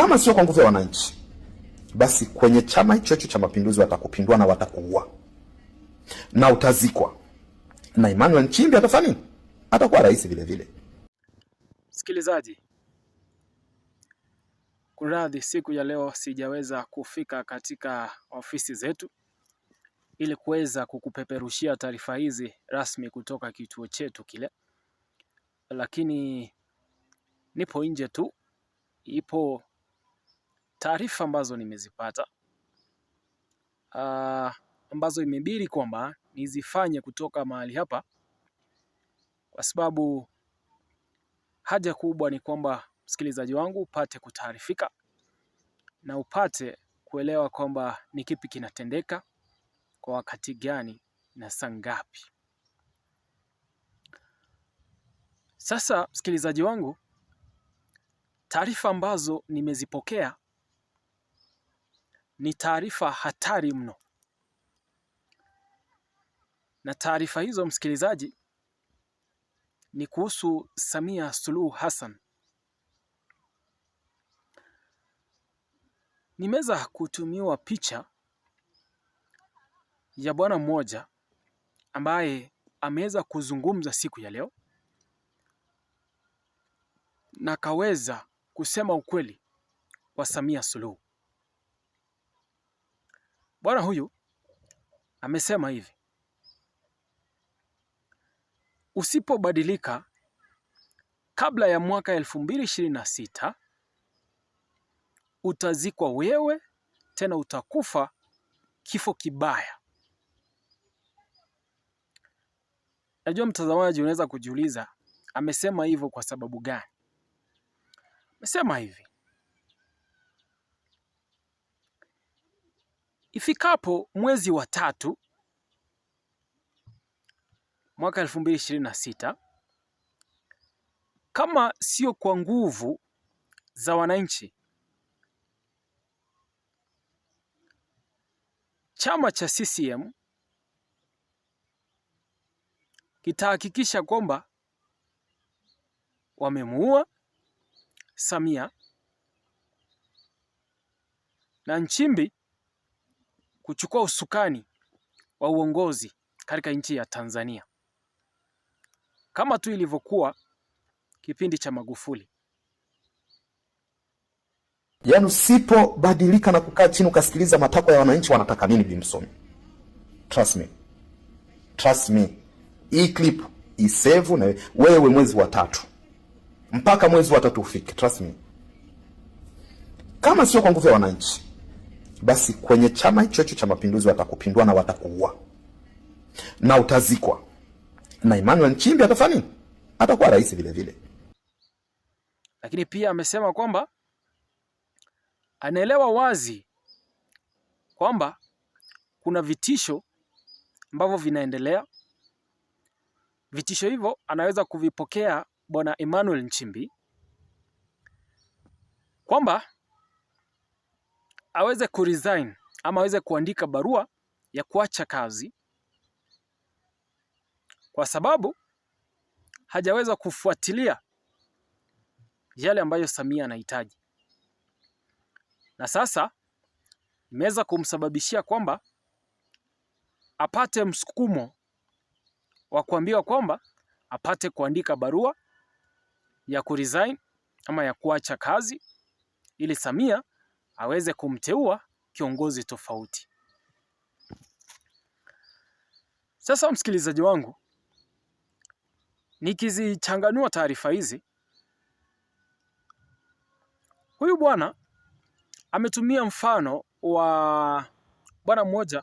kama sio kwa nguvu ya wananchi, basi kwenye chama hicho hicho cha mapinduzi watakupindua na watakuua na utazikwa, na Emmanuel Nchimbi atafanya nini? Atakuwa rais vile vile. Msikilizaji, kuradhi, siku ya leo sijaweza kufika katika ofisi zetu ili kuweza kukupeperushia taarifa hizi rasmi kutoka kituo chetu kile, lakini nipo nje tu, ipo taarifa ambazo nimezipata uh, ambazo imebidi kwamba nizifanye kutoka mahali hapa, kwa sababu haja kubwa ni kwamba msikilizaji wangu upate kutaarifika na upate kuelewa kwamba ni kipi kinatendeka kwa wakati gani na saa ngapi. Sasa msikilizaji wangu, taarifa ambazo nimezipokea ni taarifa hatari mno, na taarifa hizo msikilizaji, ni kuhusu Samia Suluhu Hassan. Nimeweza kutumiwa picha ya bwana mmoja ambaye ameweza kuzungumza siku ya leo na akaweza kusema ukweli wa Samia Suluhu. Bwana huyu amesema hivi, usipobadilika kabla ya mwaka elfu mbili ishirini na sita utazikwa wewe, tena utakufa kifo kibaya. Najua mtazamaji unaweza kujiuliza amesema hivyo kwa sababu gani? Amesema hivi Ifikapo mwezi wa tatu mwaka elfu mbili ishirini na sita kama sio kwa nguvu za wananchi, chama cha CCM kitahakikisha kwamba wamemuua Samia na Nchimbi kuchukua usukani wa uongozi katika nchi ya Tanzania kama tu ilivyokuwa kipindi cha Magufuli. Yaani, usipobadilika na kukaa chini ukasikiliza matakwa ya wananchi wanataka nini, Bimson, trust me, trust me, hii clip isevu na wewe, mwezi wa tatu mpaka mwezi wa tatu ufike, trust me, kama sio kwa nguvu ya wananchi basi kwenye chama hicho hicho cha mapinduzi watakupindua na watakuua na utazikwa, na Emmanuel Nchimbi atafanya nini? Atakuwa rais vile vile. Lakini pia amesema kwamba anaelewa wazi kwamba kuna vitisho ambavyo vinaendelea. Vitisho hivyo anaweza kuvipokea bwana Emmanuel Nchimbi kwamba aweze kuresign ama aweze kuandika barua ya kuacha kazi kwa sababu hajaweza kufuatilia yale ambayo Samia anahitaji, na sasa imeweza kumsababishia kwamba apate msukumo wa kuambiwa kwamba apate kuandika barua ya kuresign ama ya kuacha kazi ili Samia aweze kumteua kiongozi tofauti. Sasa msikilizaji wangu, nikizichanganua taarifa hizi, huyu bwana ametumia mfano wa bwana mmoja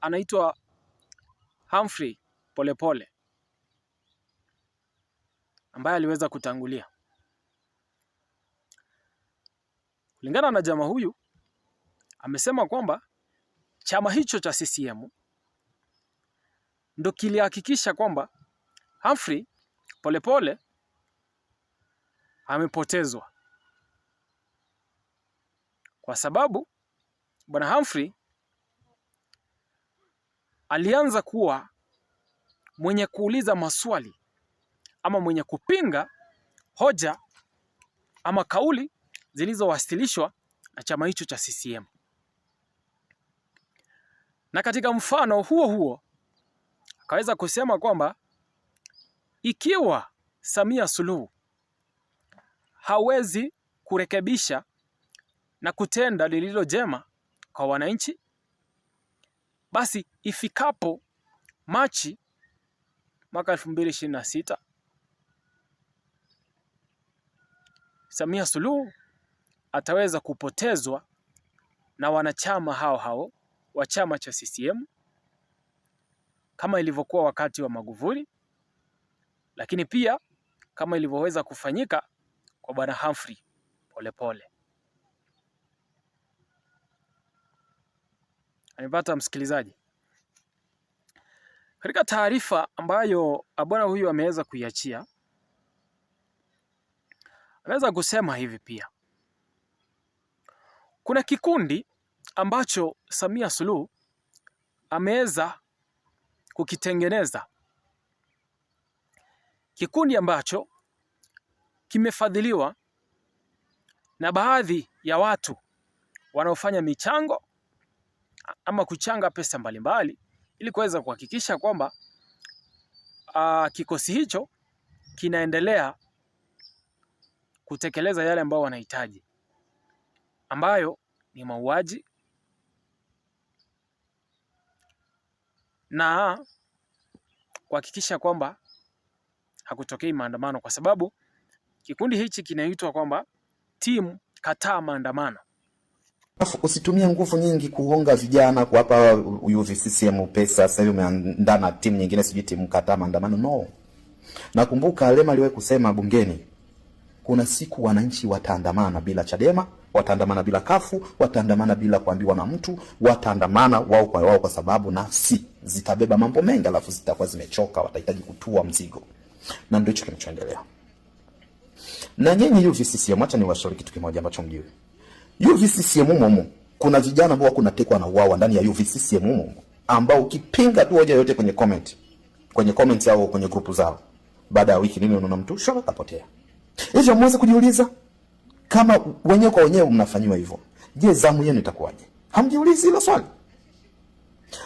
anaitwa Humphrey Polepole ambaye aliweza kutangulia. Kulingana na jamaa huyu amesema kwamba chama hicho cha CCM ndo kilihakikisha kwamba Humphrey Polepole amepotezwa kwa sababu bwana Humphrey alianza kuwa mwenye kuuliza maswali ama mwenye kupinga hoja ama kauli zilizowasilishwa na chama hicho cha CCM. Na katika mfano huo huo akaweza kusema kwamba ikiwa Samia Suluhu hawezi kurekebisha na kutenda lililo jema kwa wananchi, basi ifikapo Machi mwaka 2026 Samia Suluhu ataweza kupotezwa na wanachama hao hao wa chama cha CCM kama ilivyokuwa wakati wa Magufuli, lakini pia kama ilivyoweza kufanyika kwa bwana Humphrey Polepole. Amepata msikilizaji. Katika taarifa ambayo bwana huyu ameweza kuiachia, ameweza kusema hivi pia kuna kikundi ambacho Samia Suluhu ameweza kukitengeneza, kikundi ambacho kimefadhiliwa na baadhi ya watu wanaofanya michango ama kuchanga pesa mbalimbali ili kuweza kuhakikisha kwamba uh, kikosi hicho kinaendelea kutekeleza yale ambayo wanahitaji ambayo ni mauaji na kuhakikisha kwamba hakutokei maandamano, kwa sababu kikundi hichi kinaitwa kwamba timu kataa maandamano. Usitumie nguvu nyingi kuonga vijana, kuwapa UVCCM pesa. Sasa hivi umeandaa na timu nyingine, sijui timu kataa maandamano. No, nakumbuka Lema aliwahi kusema bungeni, kuna siku wananchi wataandamana bila Chadema wataandamana bila kafu, wataandamana bila kuambiwa na mtu, wataandamana wao kwa wao, kwa sababu nafsi zitabeba mambo mengi, alafu zitakuwa zimechoka, watahitaji kutua mzigo, na ndio hicho kinachoendelea. Na nyinyi UVCCM, acha ni washauri kitu kimoja ambacho mjue. UVCCM humo humo kuna vijana ambao kuna tekwa na uawa ndani ya UVCCM humo humo, ambao ukipinga tu hoja yote kwenye comment kwenye comment yao kwenye grupu zao, baada ya wiki nini unaona mtu shora kapotea. Hivyo mweze kujiuliza kama wenyewe kwa wenyewe mnafanyiwa hivyo, je, zamu yenu itakuwaje? Hamjiulizi hilo swali?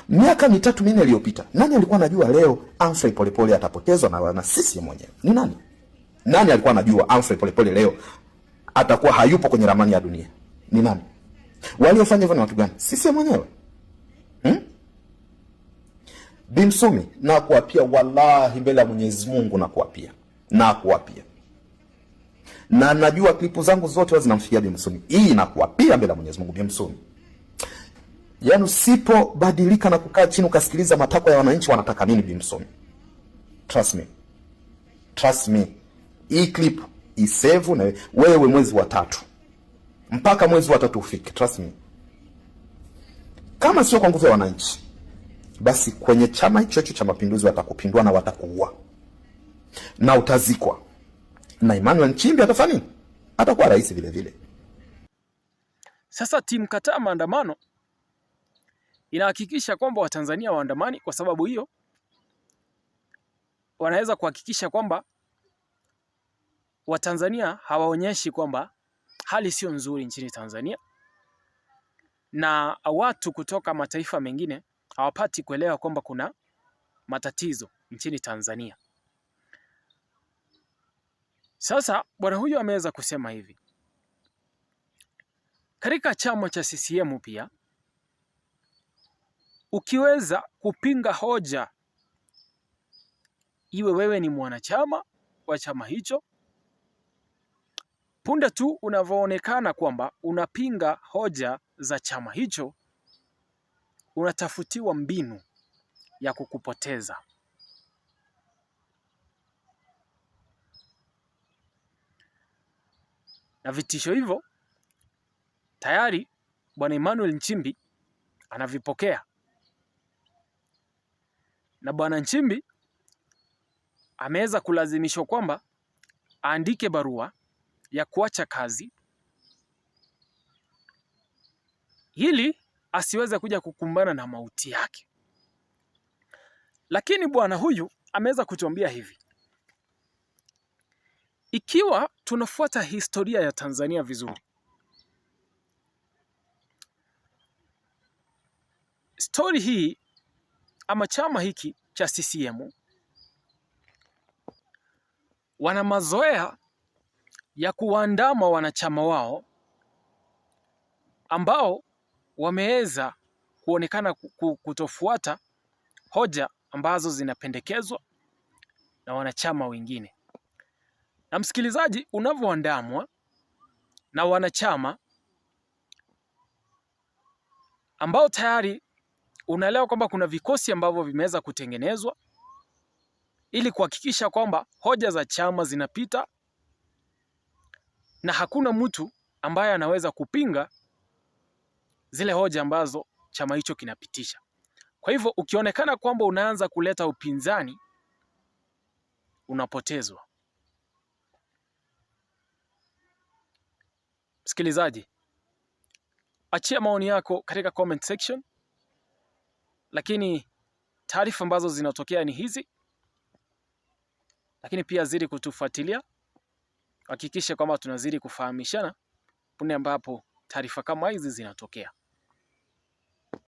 Miaka mitatu minne iliyopita, nani alikuwa anajua leo Humphrey Polepole atapotezwa na wana CCM wenyewe? Ni nani? Nani alikuwa anajua Humphrey Polepole leo atakuwa hayupo kwenye ramani ya dunia? Ni nani? Waliofanya hivyo ni watu gani? CCM wenyewe. Hmm? Bimsumi na kuapia, wallahi mbele ya Mwenyezi Mungu na kuapia. Na kuapia na najua klipu zangu zote huwa zinamfikia Bimsoni. Hii inakuwa pia mbele ya Mwenyezi Mungu Bimsoni. Yaani usipobadilika na kukaa chini ukasikiliza matakwa ya wananchi wanataka nini Bimsuni. Trust me. Trust me. Hii clip isevu na wewe mwezi wa tatu. Mpaka mwezi wa tatu ufike. Trust me. Kama sio kwa nguvu ya wananchi, basi kwenye chama hicho hicho cha mapinduzi watakupindua na watakuua. Na utazikwa na Emmanuel Nchimbi atafanya nini? Atakuwa rais vile vile. Sasa timu kataa maandamano inahakikisha kwamba Watanzania waandamani, kwa sababu hiyo wanaweza kuhakikisha kwamba Watanzania hawaonyeshi kwamba hali sio nzuri nchini Tanzania na watu kutoka mataifa mengine hawapati kuelewa kwamba kuna matatizo nchini Tanzania. Sasa bwana huyu ameweza kusema hivi katika chama cha CCM pia ukiweza kupinga hoja, iwe wewe ni mwanachama wa chama hicho, punde tu unavyoonekana kwamba unapinga hoja za chama hicho, unatafutiwa mbinu ya kukupoteza. Na vitisho hivyo tayari Bwana Emmanuel Nchimbi anavipokea, na Bwana Nchimbi ameweza kulazimishwa kwamba aandike barua ya kuacha kazi ili asiweze kuja kukumbana na mauti yake. Lakini bwana huyu ameweza kutuambia hivi, ikiwa tunafuata historia ya Tanzania vizuri, stori hii ama chama hiki cha CCM wana mazoea ya kuandama wanachama wao ambao wameweza kuonekana kutofuata hoja ambazo zinapendekezwa na wanachama wengine. Na msikilizaji, unavyoandamwa na wanachama ambao tayari unaelewa kwamba kuna vikosi ambavyo vimeweza kutengenezwa ili kuhakikisha kwamba hoja za chama zinapita na hakuna mtu ambaye anaweza kupinga zile hoja ambazo chama hicho kinapitisha. Kwa hivyo ukionekana kwamba unaanza kuleta upinzani unapotezwa. Msikilizaji, achia maoni yako katika comment section, lakini taarifa ambazo zinatokea ni hizi, lakini pia zidi kutufuatilia, hakikisha kwamba tunazidi kufahamishana punde ambapo taarifa kama hizi zinatokea.